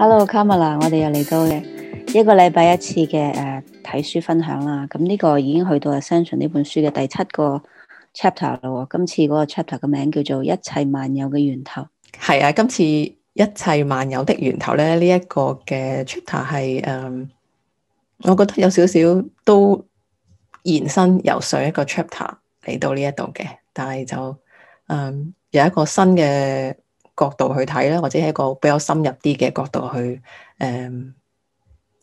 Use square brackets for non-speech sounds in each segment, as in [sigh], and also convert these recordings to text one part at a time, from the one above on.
h e l l o c a m e r 我哋又嚟到嘅一個禮拜一次嘅誒睇書分享啦。咁、這、呢個已經去到《s h e s o n 呢本書嘅第七個 chapter 啦。今次嗰個 chapter 嘅名叫做《一切萬有嘅源頭》。係啊，今次《一切萬有的源頭》咧，呢、這、一個嘅 chapter 係誒，um, 我覺得有少少都延伸游上一個 chapter 嚟到呢一度嘅，但係就誒、um, 有一個新嘅。角度去睇啦，或者係一個比較深入啲嘅角度去誒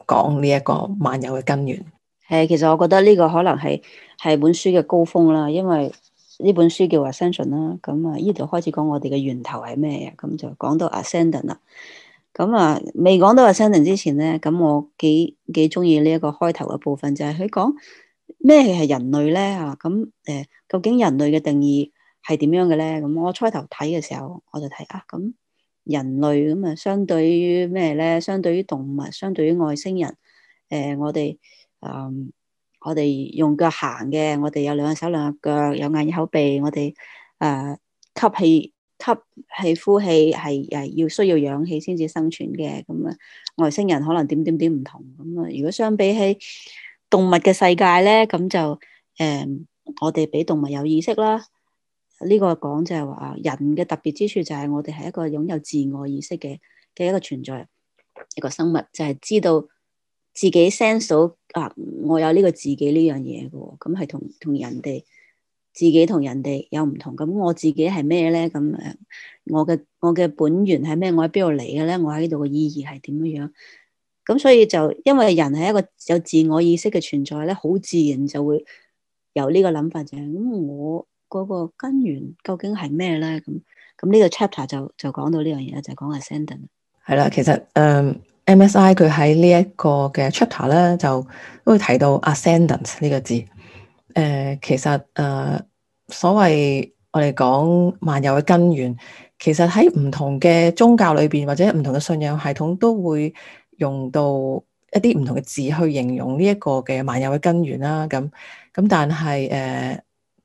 講呢一個萬有嘅根源。誒，其實我覺得呢個可能係係本書嘅高峰啦，因為呢本書叫 Ascension 啦，咁啊呢度開始講我哋嘅源頭係咩啊，咁、嗯、就講到 Ascendant 啦。咁啊未講到 Ascendant 之前咧，咁我幾幾中意呢一個開頭嘅部分，就係佢講咩係人類咧啊？咁、嗯、誒、嗯，究竟人類嘅定義？係點樣嘅咧？咁我初頭睇嘅時候，我就睇啊，咁人類咁啊，相對於咩咧？相對於動物，相對於外星人，誒、呃，我哋嗯，我哋用腳行嘅，我哋有兩隻手、兩隻腳，有眼、耳、口、鼻，我哋誒吸氣、吸氣、呼氣，係係要需要氧氣先至生存嘅。咁、嗯、啊，外星人可能點點點唔同咁啊、嗯。如果相比起動物嘅世界咧，咁就誒、嗯，我哋比動物有意識啦。呢個講就係話，人嘅特別之處就係我哋係一個擁有自我意識嘅嘅一個存在，一個生物就係知道自己 sense 到啊，我有呢個自己呢樣嘢嘅，咁係同同人哋自己同人哋有唔同。咁我自己係咩咧？咁啊，我嘅我嘅本源係咩？我喺邊度嚟嘅咧？我喺呢度嘅意義係點樣？咁所以就因為人係一個有自我意識嘅存在咧，好自然就會有呢個諗法就係、是、咁我。嗰個根源究竟係咩咧？咁咁呢個 chapter 就就講到呢樣嘢啦，就係、是、講 Ascendant。係啦，其實誒 MSI 佢喺呢一個嘅 chapter 咧，就都會提到 Ascendant 呢個字。誒、呃，其實誒、uh, 所謂我哋講萬有嘅根源，其實喺唔同嘅宗教裏邊或者唔同嘅信仰系統都會用到一啲唔同嘅字去形容呢一個嘅萬有嘅根源啦。咁咁但係誒、uh,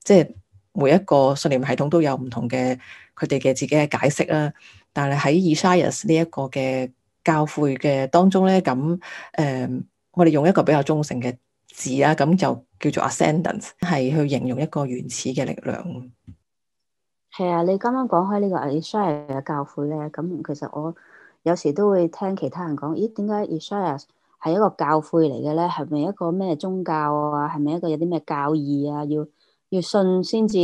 即係。每一個信念系統都有唔同嘅佢哋嘅自己嘅解釋啦。但係喺 Ishayas 呢一個嘅教誨嘅當中咧，咁誒，我哋用一個比較忠誠嘅字啦，咁就叫做 Ascendance，係去形容一個原始嘅力量。係啊，你剛剛講開呢個 Ishayas 嘅教誨咧，咁其實我有時都會聽其他人講，咦，點解 Ishayas 係一個教誨嚟嘅咧？係咪一個咩宗教啊？係咪一個有啲咩教義啊？要？要信先至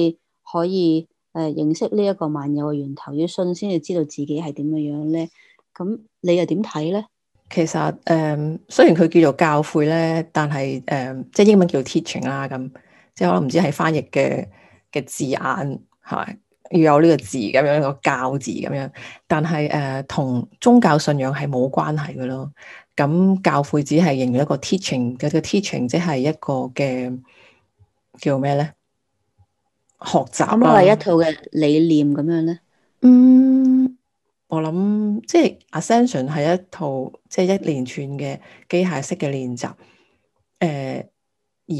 可以誒、呃、認識呢一個萬有嘅源頭，要信先至知道自己係點樣樣咧。咁你又點睇咧？其實誒、呃、雖然佢叫做教會咧，但係誒、呃、即係英文叫 teaching 啦，咁、嗯、即係可能唔知係翻譯嘅嘅字眼係咪要有呢個字咁樣一個教字咁樣，但係誒同宗教信仰係冇關係嘅咯。咁、嗯、教會只係形容一個 teaching，嗰個 teaching 即係一個嘅叫咩咧？學習咯、啊，都係一套嘅理念咁樣咧。嗯，我諗即係、就是、Ascension 係一套即係、就是、一連串嘅機械式嘅練習。誒、呃，而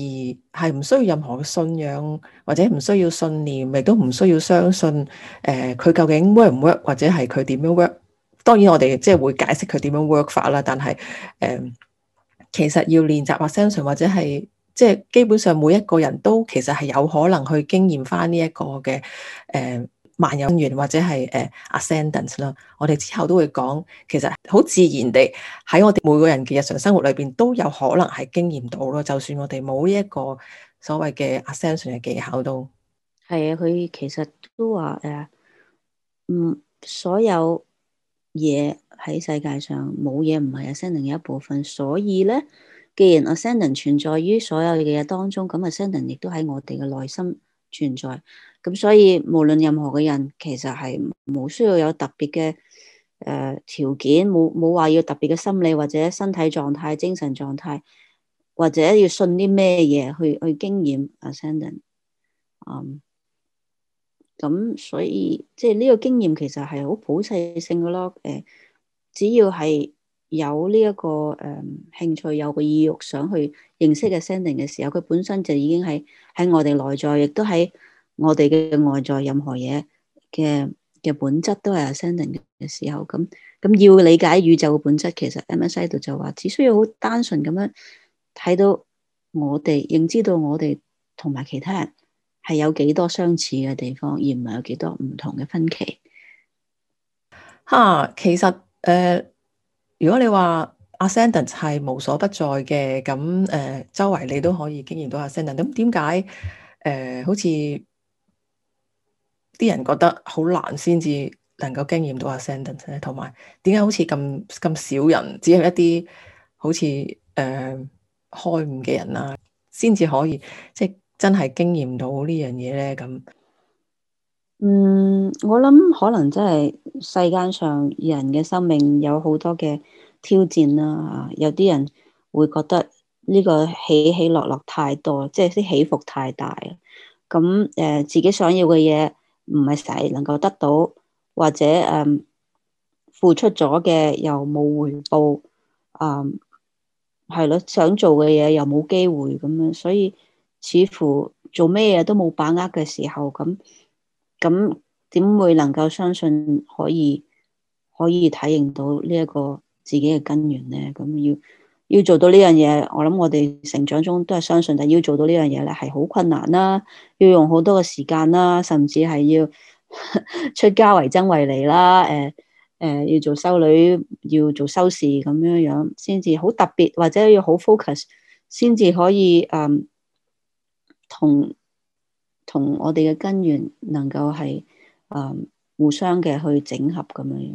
係唔需要任何嘅信仰或者唔需要信念，亦都唔需要相信。誒、呃，佢究竟 work 唔 work，或者係佢點樣 work？當然我哋即係會解釋佢點樣 work 法啦。但係誒、呃，其實要練習 Ascension 或者係。即係基本上每一個人都其實係有可能去經驗翻呢一個嘅誒萬有源或者係誒、呃、ascendance 啦。我哋之後都會講，其實好自然地喺我哋每個人嘅日常生活裏邊都有可能係經驗到咯。就算我哋冇呢一個所謂嘅 ascension 嘅技巧都係啊，佢其實都話誒，嗯、呃，所有嘢喺世界上冇嘢唔係 ascension 嘅一部分，所以咧。既然 ascendant 存在於所有嘅嘢當中，咁 ascendant 亦都喺我哋嘅內心存在。咁所以無論任何嘅人，其實係冇需要有特別嘅誒、呃、條件，冇冇話要特別嘅心理或者身體狀態、精神狀態，或者要信啲咩嘢去去經驗 ascendant 咁、嗯、所以即係呢個經驗其實係好普世性嘅咯。誒，只要係，有呢、這、一個誒、嗯、興趣，有個意欲想去認識嘅 ascending 嘅時候，佢本身就已經喺喺我哋內在，亦都喺我哋嘅外在，任何嘢嘅嘅本質都係有 ascending 嘅時候。咁咁要理解宇宙嘅本質，其實 M S 喺度就話，只需要好單純咁樣睇到我哋，認知到我哋同埋其他人係有幾多相似嘅地方，而唔係有幾多唔同嘅分歧。吓，其實誒。呃如果你話 ascendant 係無所不在嘅，咁誒、呃、周圍你都可以經驗到 ascendant。咁點解誒好似啲人覺得好難先至能夠經驗到 ascendant 咧？同埋點解好似咁咁少人，只係一啲好似誒、呃、開悟嘅人啦、啊，先至可以即係、就是、真係經驗到呢樣嘢咧？咁。嗯，我諗可能真係世間上人嘅生命有好多嘅挑戰啦，啊，有啲人會覺得呢個起起落落太多，即係啲起伏太大，咁誒、呃，自己想要嘅嘢唔係成日能夠得到，或者誒、嗯、付出咗嘅又冇回報，啊、嗯，係咯，想做嘅嘢又冇機會咁樣，所以似乎做咩嘢都冇把握嘅時候咁。咁點會能夠相信可以可以體認到呢一個自己嘅根源咧？咁要要做到呢樣嘢，我諗我哋成長中都係相信，但要做到呢樣嘢咧，係好困難啦，要用好多嘅時間啦，甚至係要 [laughs] 出家為僧為尼啦，誒、呃、誒、呃，要做修女，要做修士咁樣樣，先至好特別，或者要好 focus，先至可以誒同，呃同我哋嘅根源能夠係誒互相嘅去整合咁樣樣，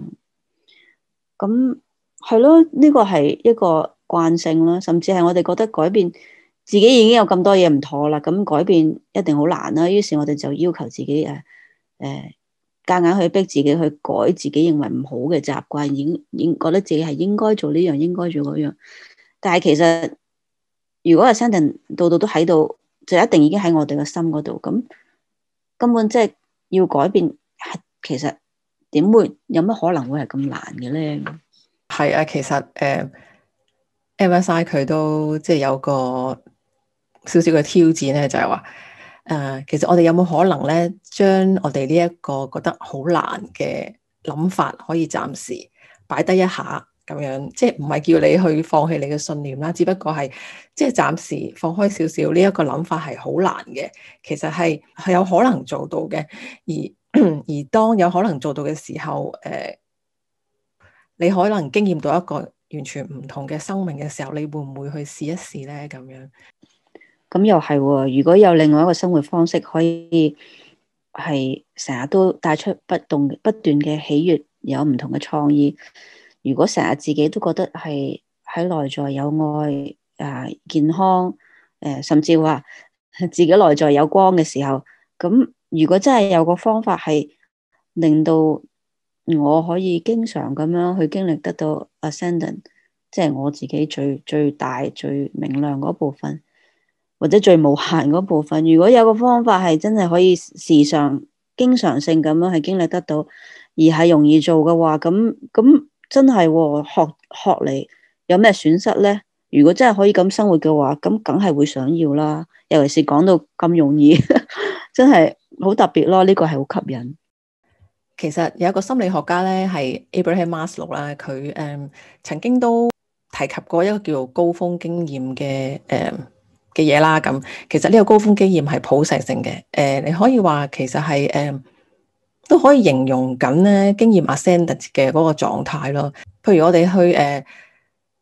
咁係咯，呢個係一個慣性啦，甚至係我哋覺得改變自己已經有咁多嘢唔妥啦，咁改變一定好難啦。於是我哋就要求自己誒誒夾硬去逼自己去改自己認為唔好嘅習慣，應應覺得自己係應該做呢樣，應該做嗰樣，但係其實如果阿 Sending 度度都喺度。就一定已經喺我哋嘅心嗰度，咁根本即係要改變，係其實點會有乜可能會係咁難嘅咧？係啊，其實誒，uh, MSI 佢都即係有個少少嘅挑戰咧，就係話誒，其實我哋有冇可能咧，將我哋呢一個覺得好難嘅諗法，可以暫時擺低一下。咁樣，即係唔係叫你去放棄你嘅信念啦，只不過係即係暫時放開少少呢一點點，這個諗法係好難嘅，其實係係有可能做到嘅。而而當有可能做到嘅時候，誒、呃，你可能經驗到一個完全唔同嘅生命嘅時候，你會唔會去試一試呢？咁樣，咁又係，如果有另外一個生活方式可以係成日都帶出不動不斷嘅喜悅，有唔同嘅創意。如果成日自己都覺得係喺內在有愛啊、健康誒、呃，甚至話自己內在有光嘅時候，咁如果真係有個方法係令到我可以經常咁樣去經歷得到 Ascendant，即係我自己最最大最明亮嗰部分，或者最無限嗰部分，如果有個方法係真係可以時常經常性咁樣去經歷得到，而係容易做嘅話，咁咁。真係學學嚟有咩損失咧？如果真係可以咁生活嘅話，咁梗係會想要啦。尤其是講到咁容易，呵呵真係好特別咯。呢個係好吸引。其實有一個心理學家咧，係 Abraham Maslow 啦，佢、嗯、誒曾經都提及過一個叫做高峰經驗嘅誒嘅嘢啦。咁、嗯嗯、其實呢個高峰經驗係普世性嘅。誒、嗯，你可以話其實係誒。嗯都可以形容緊咧經驗阿 s a n d a 嘅嗰個狀態咯。譬如我哋去誒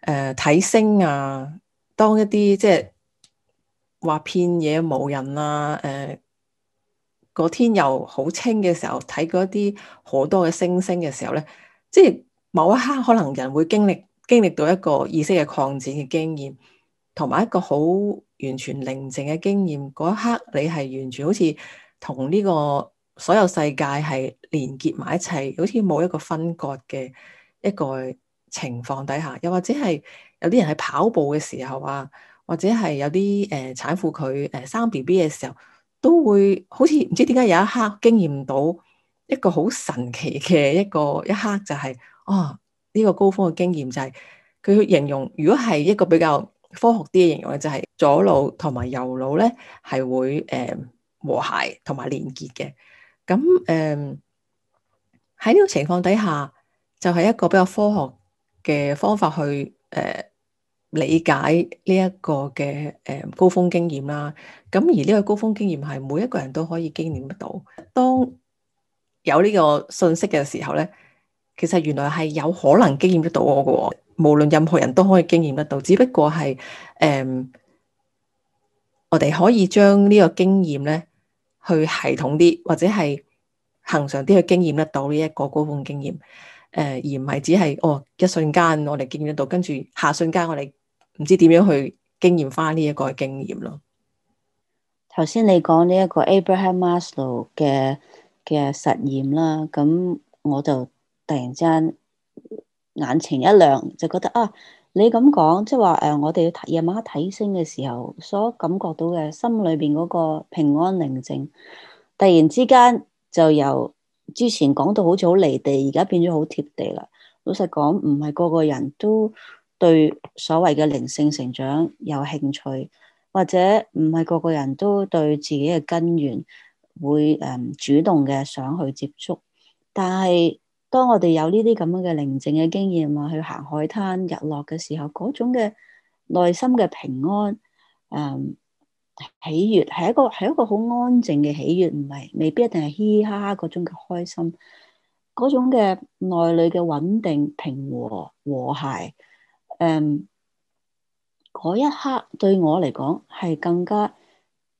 誒睇星啊，當一啲即係話遍野冇人啊，誒、呃、個天又好清嘅時候，睇嗰啲好多嘅星星嘅時候咧，即係某一刻可能人會經歷經歷到一個意識嘅擴展嘅經驗，同埋一個好完全寧靜嘅經驗。嗰一刻你係完全好似同呢個。所有世界係連結埋一齊，好似冇一個分割嘅一個情況底下，又或者係有啲人喺跑步嘅時候啊，或者係有啲誒、呃、產婦佢誒、呃、生 B B 嘅時候，都會好似唔知點解有一刻經驗到一個好神奇嘅一個一刻，就是，就係哦呢，這個高峰嘅經驗就係，是，佢形容，如果係一個比較科學啲嘅形容咧，就是，就係左腦同埋右腦咧係會誒、呃、和諧同埋連結嘅。咁誒喺呢個情況底下，就係一個比較科學嘅方法去誒理解呢一個嘅誒高峰經驗啦。咁而呢個高峰經驗係每一個人都可以經驗得到。當有呢個信息嘅時候咧，其實原來係有可能經驗得到我㗎，無論任何人都可以經驗得到，只不過係誒我哋可以將呢個經驗咧。去系統啲，或者係恒常啲去經驗得到呢一個高峯經驗，誒而唔係只係哦一瞬間我哋經驗得到，跟住下瞬間我哋唔知點樣去經驗翻呢一個經驗咯。頭先你講呢一個 Abraham Maslow 嘅嘅實驗啦，咁我就突然之間眼前一亮，就覺得啊～你咁講，即係話誒，我哋夜晚黑睇星嘅時候，所感覺到嘅心裏邊嗰個平安寧靜，突然之間就由之前講到好似好離地，而家變咗好貼地啦。老實講，唔係個個人都對所謂嘅靈性成長有興趣，或者唔係個個人都對自己嘅根源會誒主動嘅想去接觸，但係。當我哋有呢啲咁樣嘅寧靜嘅經驗啊，去行海灘日落嘅時候，嗰種嘅內心嘅平安、誒、嗯、喜悅，係一個係一個好安靜嘅喜悅，唔係未必一定係嘻嘻哈哈嗰種嘅開心，嗰種嘅內裏嘅穩定、平和、和諧、誒、嗯，嗰一刻對我嚟講係更加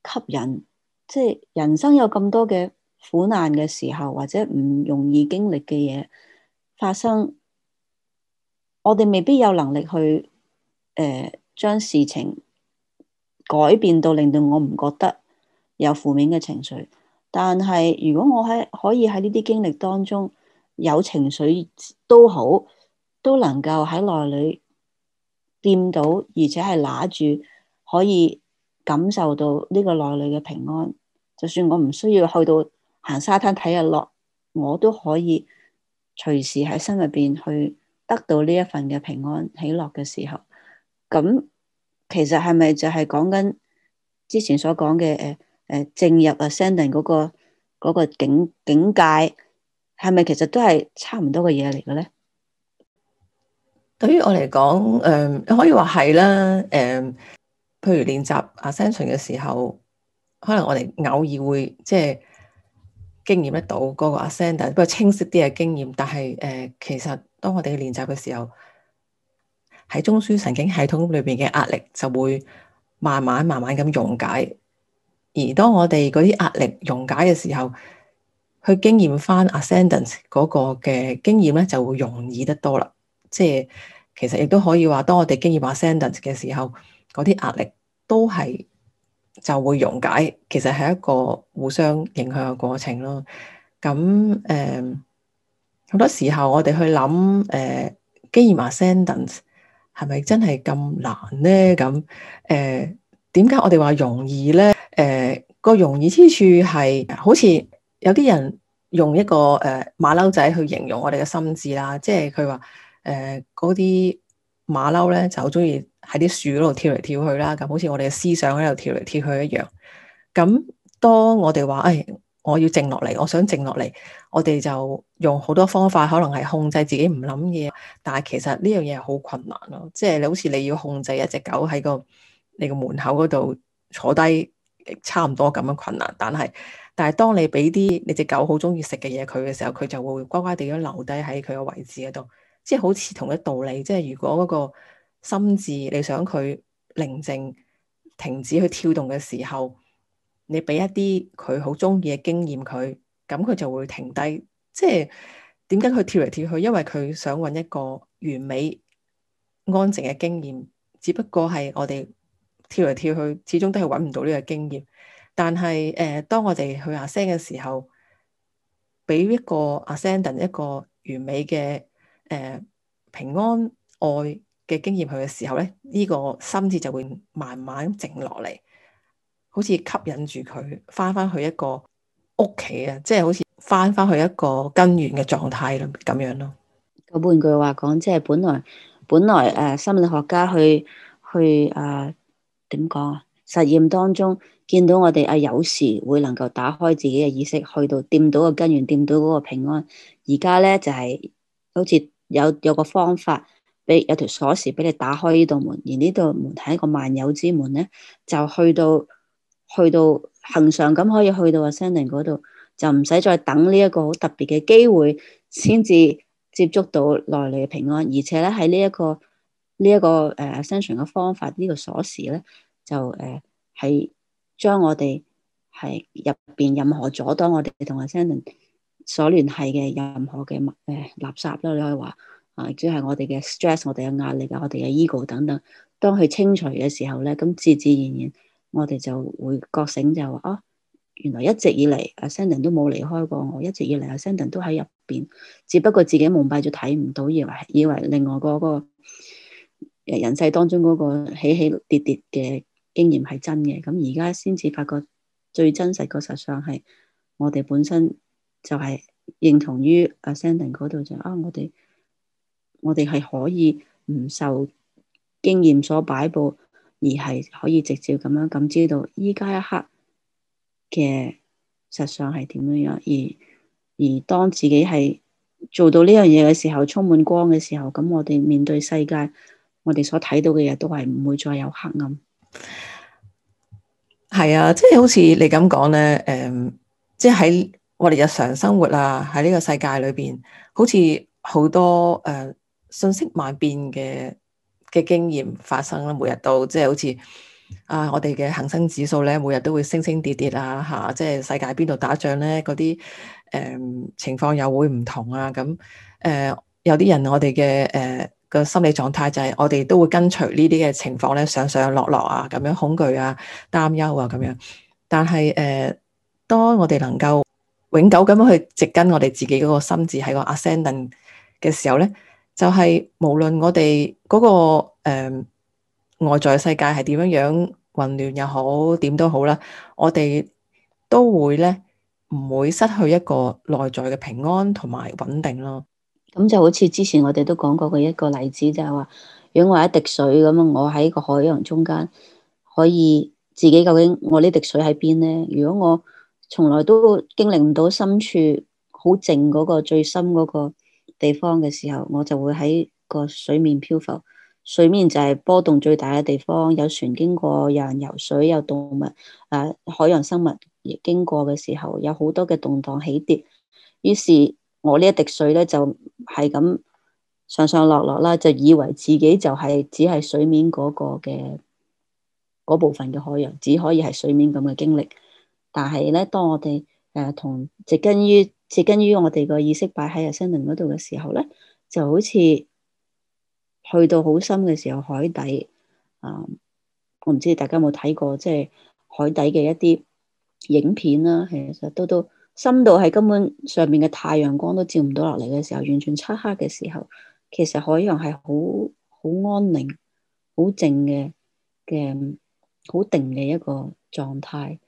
吸引，即係人生有咁多嘅。苦難嘅時候，或者唔容易經歷嘅嘢發生，我哋未必有能力去誒將、呃、事情改變到令到我唔覺得有負面嘅情緒。但係如果我喺可以喺呢啲經歷當中有情緒都好，都能夠喺內裏掂到，而且係拿住可以感受到呢個內裏嘅平安，就算我唔需要去到。行沙灘睇日落，我都可以隨時喺心入邊去得到呢一份嘅平安喜樂嘅時候，咁其實係咪就係講緊之前所講嘅誒誒正入 Ascension 嗰、嗰個、嗰個境、境界，係咪其實都係差唔多嘅嘢嚟嘅咧？對於我嚟講，誒、呃、可以話係啦，誒、呃、譬如練習 Ascension 嘅時候，可能我哋偶爾會即係。經驗得到、嗰個 ascendant，不過清晰啲嘅經驗。但係誒、呃，其實當我哋去練習嘅時候，喺中樞神經系統裏邊嘅壓力就會慢慢慢慢咁溶解。而當我哋嗰啲壓力溶解嘅時候，去經驗翻 ascendance 嗰個嘅經驗咧，就會容易得多啦。即係其實亦都可以話，當我哋經驗 ascendance 嘅時候，嗰啲壓力都係。就會溶解，其實係一個互相影響嘅過程咯。咁誒，好、呃、多時候我哋去諗，誒、呃，經驗 Ascendance 係咪真係咁難咧？咁誒，點、呃、解我哋話容易咧？誒、呃，個容易之處係，好似有啲人用一個誒馬騮仔去形容我哋嘅心智啦，即係佢話誒嗰啲。呃馬騮咧就好中意喺啲樹嗰度跳嚟跳去啦，咁好似我哋嘅思想喺度跳嚟跳去一樣。咁當我哋話，誒，我要靜落嚟，我想靜落嚟，我哋就用好多方法，可能係控制自己唔諗嘢。但係其實呢樣嘢係好困難咯，即係你好似你要控制一隻狗喺個你個門口嗰度坐低，差唔多咁樣困難。但係，但係當你俾啲你隻狗好中意食嘅嘢佢嘅時候，佢就會乖乖地咁留低喺佢個位置嗰度。即係好似同一道理，即係如果嗰個心智你想佢寧靜、停止去跳動嘅時候，你俾一啲佢好中意嘅經驗佢，咁佢就會停低。即係點解佢跳嚟跳去？因為佢想揾一個完美安靜嘅經驗。只不過係我哋跳嚟跳去，始終都係揾唔到呢個經驗。但係誒、呃，當我哋去 ascending 嘅時候，俾一個 ascending 一個完美嘅。誒，uh, 平安愛嘅經驗佢嘅時候咧，呢、這個心智就會慢慢靜落嚟，好似吸引住佢返返去一個屋企啊，即係好似返返去一個根源嘅狀態咯，咁樣咯。換半句話講，即係本來本來誒、呃，心理學家去去誒點講啊？實驗當中見到我哋啊，有時會能夠打開自己嘅意識，去到掂到個根源，掂到嗰個平安。而家咧就係、是、好似。有有個方法，俾有條鎖匙俾你打開呢道門，而呢度門係一個萬有之門咧，就去到去到恒常咁可以去到 ascending 嗰度，就唔使再等呢一個好特別嘅機會先至接觸到內裏嘅平安，而且咧喺呢一個呢一、呢個誒 ascending 嘅方法呢、呢個鎖匙咧，就誒係將我哋係入邊任何阻擋我哋同 ascending 所聯繫嘅任何嘅誒垃圾啦，你可以話啊，即係我哋嘅 stress，我哋嘅壓力啊，我哋嘅 ego 等等，當佢清除嘅時候咧，咁自自然然我哋就會覺醒就，就話哦，原來一直以嚟阿 Sandy 都冇離開過我，一直以嚟阿 Sandy 都喺入邊，只不過自己蒙蔽咗睇唔到，以為以為另外嗰個誒人世當中嗰個起起跌跌嘅經驗係真嘅，咁而家先至發覺最真實個實相係我哋本身。就係認同於阿 Sanding 嗰度，就啊，我哋我哋係可以唔受經驗所擺佈，而係可以直接咁樣咁知道依家一刻嘅實相係點樣樣，而而當自己係做到呢樣嘢嘅時候，充滿光嘅時候，咁我哋面對世界，我哋所睇到嘅嘢都係唔會再有黑暗。係啊，即係好似你咁講咧，誒、嗯，即係。我哋日常生活啊，喺呢個世界裏邊，好似好多誒、呃、信息萬變嘅嘅經驗發生啦。每日到即係好似啊，我哋嘅恒生指數咧，每日都會升升跌跌啊，嚇！即係世界邊度打仗咧，嗰啲誒情況又會唔同啊。咁、呃、誒有啲人我哋嘅誒個心理狀態就係我哋都會跟隨呢啲嘅情況咧上上落落啊，咁樣恐懼啊、擔憂啊咁樣。但係誒、呃，當我哋能夠永久咁樣去植根我哋自己嗰個心智喺個 ascending 嘅時候咧，就係、是、無論我哋嗰、那個誒、呃、外在世界係點樣樣混亂又好，點都好啦，我哋都會咧唔會失去一個內在嘅平安同埋穩定咯。咁就好似之前我哋都講過嘅一個例子，就係話，如果我一滴水咁樣，我喺個海洋中間，可以自己究竟我呢滴水喺邊咧？如果我從來都經歷唔到深處好靜嗰個最深嗰個地方嘅時候，我就會喺個水面漂浮。水面就係波動最大嘅地方，有船經過，有人游水，有動物，啊，海洋生物亦經過嘅時候，有好多嘅動盪起跌。於是，我呢一滴水咧就係咁上上落落啦，就以為自己就係只係水面嗰個嘅嗰部分嘅海洋，只可以係水面咁嘅經歷。但係咧，當我哋誒同植根於植根於我哋個意識擺喺阿聖靈嗰度嘅時候咧，就好似去到好深嘅時候海底啊、嗯，我唔知大家有冇睇過即係海底嘅一啲影片啦。其實都到深度係根本上面嘅太陽光都照唔到落嚟嘅時候，完全漆黑嘅時候，其實海洋係好好安寧、好靜嘅嘅好定嘅一個狀態。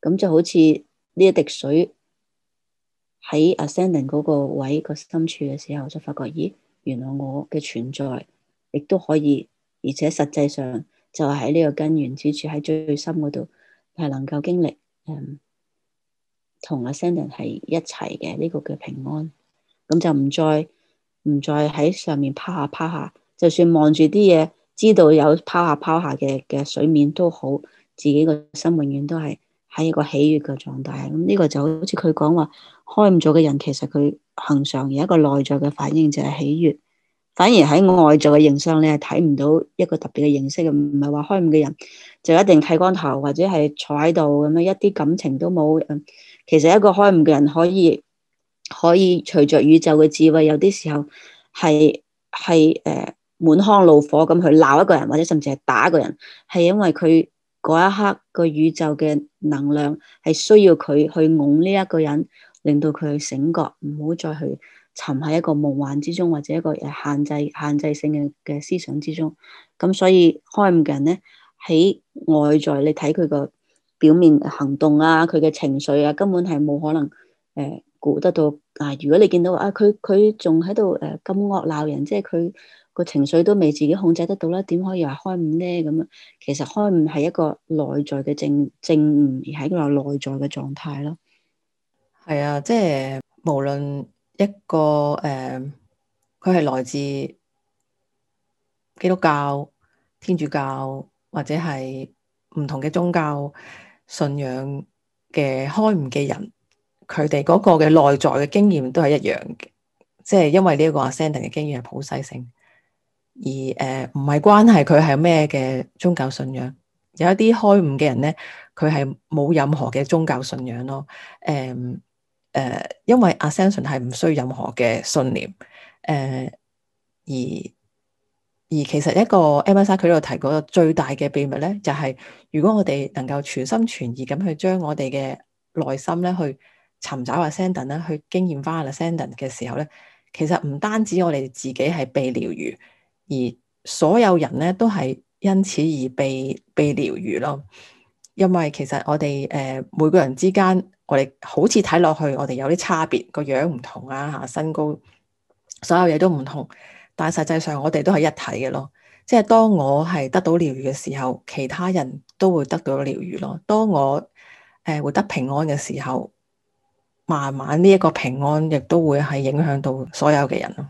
咁就好似呢一滴水喺 ascending 嗰個位個深處嘅時候，就發覺，咦，原來我嘅存在亦都可以，而且實際上就喺呢個根源之處，喺最深嗰度係能夠經歷，嗯，同 ascending 係一齊嘅，呢個叫平安。咁就唔再唔再喺上面拋下拋下，就算望住啲嘢，知道有拋下拋下嘅嘅水面都好，自己個心永遠都係。喺一個喜悦嘅狀態，咁、這、呢個就好似佢講話開悟咗嘅人，其實佢恒常而一個內在嘅反應就係喜悦，反而喺外在嘅形象你係睇唔到一個特別嘅形式嘅，唔係話開悟嘅人就一定剃光頭或者係坐喺度咁樣一啲感情都冇。其實一個開悟嘅人可以可以隨着宇宙嘅智慧，有啲時候係係誒滿腔怒火咁去鬧一個人，或者甚至係打一個人，係因為佢。嗰一刻，個宇宙嘅能量係需要佢去擁呢一個人，令到佢醒覺，唔好再去沉喺一個夢幻之中，或者一個限制、限制性嘅嘅思想之中。咁所以開悟嘅人咧，喺外在你睇佢個表面行動啊，佢嘅情緒啊，根本係冇可能誒估、呃、得到。啊，如果你見到啊，佢佢仲喺度誒咁惡鬧人，即係佢。個情緒都未自己控制得到啦，點可以話開悟呢？咁啊？其實開悟係一個內在嘅正正悟，而喺一個在嘅狀態咯。係啊，即、就、係、是、無論一個誒，佢、嗯、係來自基督教、天主教或者係唔同嘅宗教信仰嘅開悟嘅人，佢哋嗰個嘅內在嘅經驗都係一樣嘅，即、就、係、是、因為呢一個阿 s a n d i 嘅經驗係普世性。而誒唔係關係佢係咩嘅宗教信仰，有一啲開悟嘅人咧，佢係冇任何嘅宗教信仰咯。誒、呃、誒、呃，因為 ascension 係唔需要任何嘅信念。誒、呃、而而其實一個 emerson 佢度提過最大嘅秘密咧，就係、是、如果我哋能夠全心全意咁去將我哋嘅內心咧去尋找 ascension 咧，去經驗翻 ascension 嘅時候咧，其實唔單止我哋自己係被療愈。而所有人咧都係因此而被被療愈咯，因為其實我哋誒、呃、每個人之間，我哋好似睇落去，我哋有啲差別，個樣唔同啊，吓身高，所有嘢都唔同，但係實際上我哋都係一體嘅咯。即係當我係得到療愈嘅時候，其他人都會得到療愈咯。當我誒、呃、會得平安嘅時候，慢慢呢一個平安亦都會係影響到所有嘅人咯。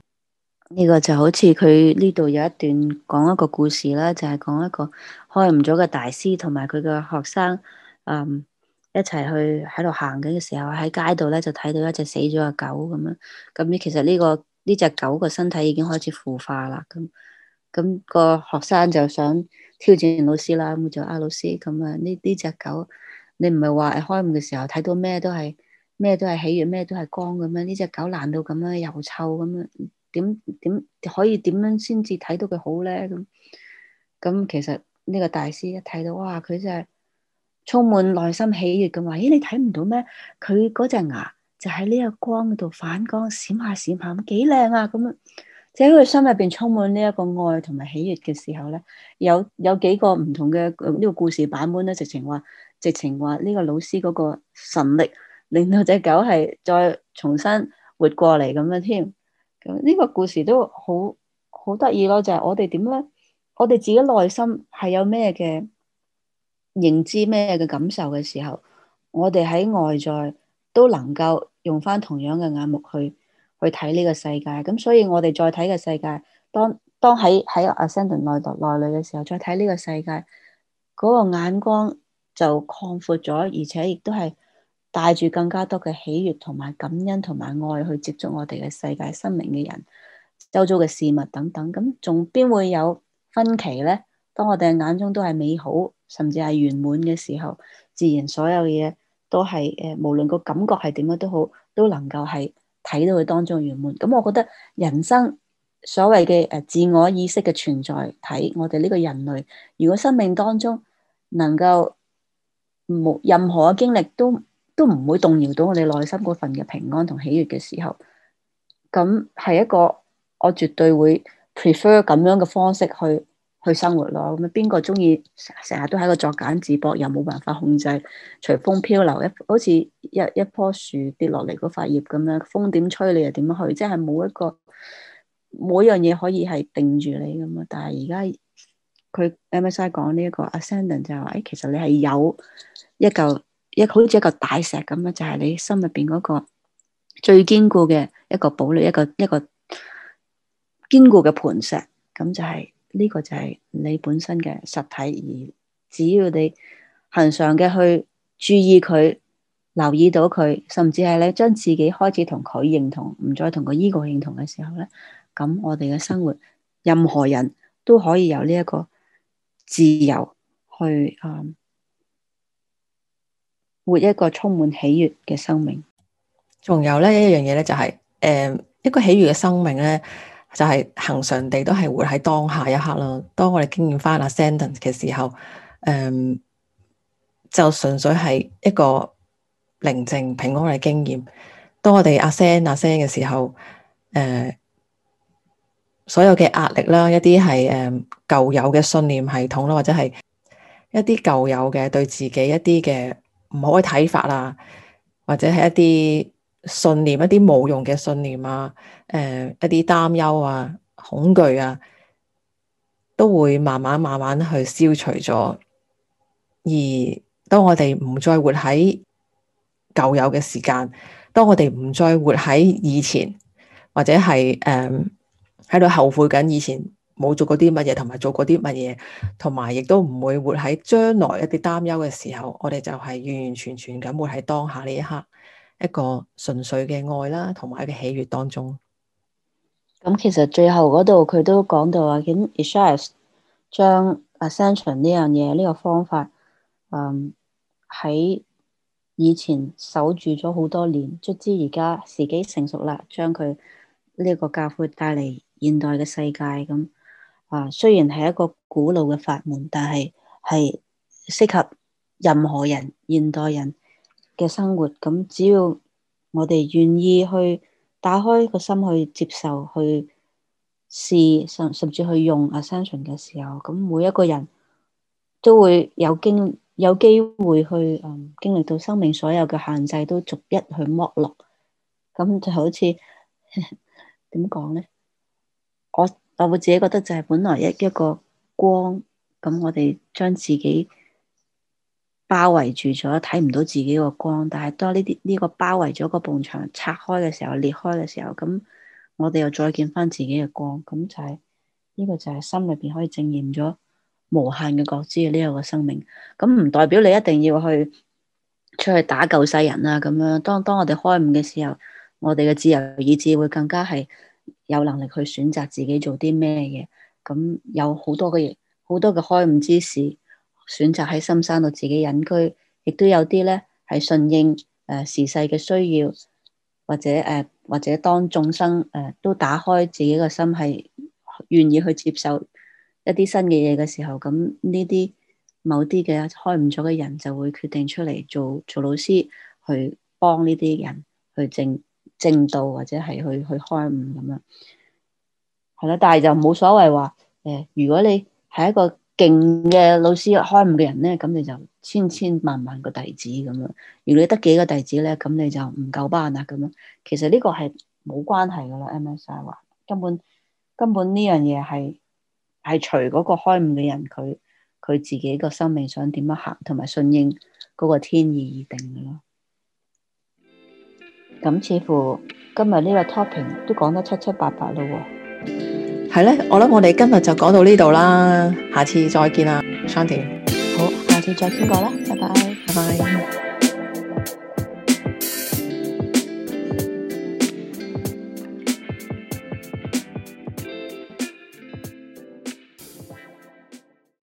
呢個就好似佢呢度有一段講一個故事啦，就係、是、講一個開唔咗嘅大師同埋佢嘅學生，嗯，一齊去喺度行緊嘅時候，喺街度咧就睇到一隻死咗嘅狗咁樣。咁呢，其實呢、這個呢隻、這個、狗個身體已經開始腐化啦。咁咁、那個學生就想挑戰老師啦，冇就阿老師咁啊。呢呢隻狗，你唔係話開悟嘅時候睇到咩都係咩都係喜悅，咩都係光咁樣。呢隻狗爛到咁樣，又臭咁樣。點點可以點樣先至睇到佢好咧？咁咁其實呢個大師一睇到，哇！佢真係充滿內心喜悅咁話：咦，你睇唔到咩？佢嗰隻牙就喺呢個光度反光閃下閃下，咁幾靚啊！咁，就喺佢心入邊充滿呢一個愛同埋喜悅嘅時候咧，有有幾個唔同嘅呢個故事版本咧，直情話，直情話呢個老師嗰個神力令到隻狗係再重新活過嚟咁樣添。呢個故事都好好得意咯，就係、是，我哋點咧？我哋自己內心係有咩嘅認知、咩嘅感受嘅時候，我哋喺外在都能夠用翻同樣嘅眼目去去睇呢個世界。咁所以我哋再睇個世界，當當喺喺 ascending 內內裏嘅時候，再睇呢個世界，嗰個眼光就擴闊咗，而且亦都係。帶住更加多嘅喜悦同埋感恩同埋愛去接觸我哋嘅世界、生命嘅人、周遭嘅事物等等，咁仲邊會有分歧呢？當我哋眼中都係美好，甚至係圓滿嘅時候，自然所有嘢都係，誒，無論個感覺係點樣都好，都能夠係睇到佢當中圓滿。咁我覺得人生所謂嘅誒，自我意識嘅存在，睇我哋呢個人類，如果生命當中能夠冇任何嘅經歷都。都唔會動搖到我哋內心嗰份嘅平安同喜悅嘅時候，咁係一個我絕對會 prefer 咁樣嘅方式去去生活咯。咁樣，邊個中意成日都喺度作繭自縛，又冇辦法控制隨風漂流，好一好似一一棵樹跌落嚟嗰塊葉咁樣，風點吹你又點去，即係冇一個每樣嘢可以係定住你咁啊！但係而家佢 MSI 講呢一個 Ascendant 就係話，誒，其實你係有一嚿。亦好似一個大石咁啊，就係、是、你心入邊嗰個最堅固嘅一個堡壘，一個一個堅固嘅磐石。咁就係、是、呢、這個就係你本身嘅實體。而只要你恒常嘅去注意佢，留意到佢，甚至係你將自己開始同佢認同，唔再同佢依個認同嘅時候咧，咁我哋嘅生活，任何人都可以有呢一個自由去啊。嗯活一個充滿喜悦嘅生命，仲有呢一樣嘢呢，就係誒一個喜悦嘅生命呢，就係恒常地都係活喺當下一刻咯。當我哋經驗翻阿 Sandon 嘅時候，誒就純粹係一個寧靜平安嘅經驗。當我哋阿 send 阿 send 嘅時候，誒所有嘅壓力啦，一啲係誒舊有嘅信念系統啦，或者係一啲舊有嘅對自己一啲嘅。唔好嘅睇法啊，或者係一啲信念，一啲冇用嘅信念啊，呃，一啲擔憂啊、恐懼啊，都會慢慢慢慢去消除咗。而當我哋唔再活喺舊有嘅時間，當我哋唔再活喺以前，或者係誒喺度後悔緊以前，冇做過啲乜嘢，同埋做過啲乜嘢，同埋亦都唔會活喺將來一啲擔憂嘅時候，我哋就係完完全全咁活喺當下呢一刻，一個純粹嘅愛啦，同埋一個喜悅當中。咁其實最後嗰度佢都講到啊，咁 Isaiah [music] 將 Ascension 呢樣嘢，呢個方法，嗯，喺以前守住咗好多年，卒之而家時機成熟啦，將佢呢個教會帶嚟現代嘅世界咁。嗯啊，雖然係一個古老嘅法門，但係係適合任何人，現代人嘅生活。咁只要我哋願意去打開個心去接受，去試，甚甚至去用 Ascension 嘅時候，咁每一個人都會有經有機會去嗯經歷到生命所有嘅限制，都逐一去剝落。咁就好似點講呢？我。我我自己覺得就係本來一一個光，咁我哋將自己包圍住咗，睇唔到自己個光。但係當呢啲呢個包圍咗個埲牆拆開嘅時候，裂開嘅時候，咁我哋又再見翻自己嘅光。咁就係呢個就係心裏邊可以證驗咗無限嘅覺知嘅呢一個生命。咁唔代表你一定要去出去打救世人啊！咁樣當當我哋開悟嘅時候，我哋嘅自由意志會更加係。有能力去選擇自己做啲咩嘢，咁有好多嘅嘢，好多嘅開悟之士選擇喺深山度自己隱居，亦都有啲咧係順應誒時勢嘅需要，或者誒、呃、或者當眾生誒、呃、都打開自己嘅心，係願意去接受一啲新嘅嘢嘅時候，咁呢啲某啲嘅開悟咗嘅人就會決定出嚟做做老師，去幫呢啲人去證。正道或者係去去開悟咁樣，係啦，但係就冇所謂話誒，如果你係一個勁嘅老師開悟嘅人咧，咁你就千千萬萬個弟子咁樣；如果你得幾個弟子咧，咁你就唔夠班啦咁樣。其實呢個係冇關係噶啦，M S 話根本根本呢樣嘢係係隨嗰個開悟嘅人佢佢自己個生命想點樣行，同埋順應嗰個天意而定噶咯。咁似乎今日呢個 topping 都講得七七八八咯喎，係咧，我諗我哋今日就講到呢度啦，下次再見啦，Shanti，好，下次再傾過啦，拜拜，拜拜。